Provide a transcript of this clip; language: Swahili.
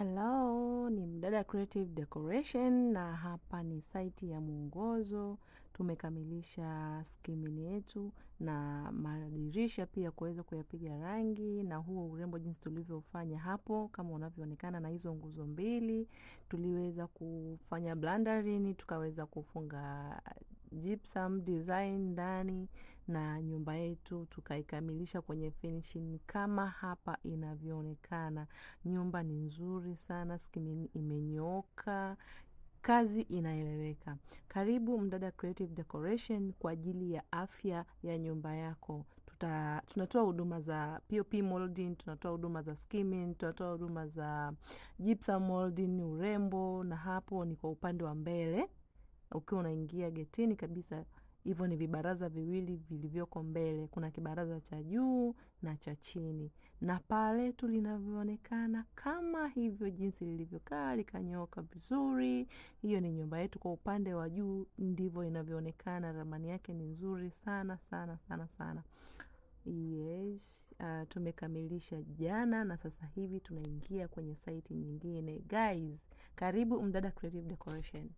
Hello, ni Mdada Creative Decoration na hapa ni site ya mwongozo. Tumekamilisha skimini yetu na madirisha pia kuweza kuyapiga rangi na huo urembo jinsi tulivyofanya hapo kama unavyoonekana na hizo nguzo mbili. Tuliweza kufanya blandarini, tukaweza kufunga gypsum design ndani na nyumba yetu tukaikamilisha kwenye finishing kama hapa inavyoonekana. Nyumba ni nzuri sana, skimini imenyooka, kazi inaeleweka. Karibu Mdada Creative Decoration kwa ajili ya afya ya nyumba yako. Tuta, tunatoa huduma za POP molding, tunatoa huduma za skimming, tunatoa huduma za gypsum molding, urembo, na hapo ni kwa upande wa mbele ukiwa unaingia getini kabisa. Hivyo ni vibaraza viwili vilivyoko mbele, kuna kibaraza cha juu na cha chini, na paa letu linavyoonekana kama hivyo jinsi lilivyokaa likanyoka vizuri. Hiyo ni nyumba yetu kwa upande wa juu, ndivyo inavyoonekana. Ramani yake ni nzuri sana sana sana sana. Yes, uh, tumekamilisha jana na sasa hivi tunaingia kwenye saiti nyingine. Guys, karibu Mdada Creative Decoration.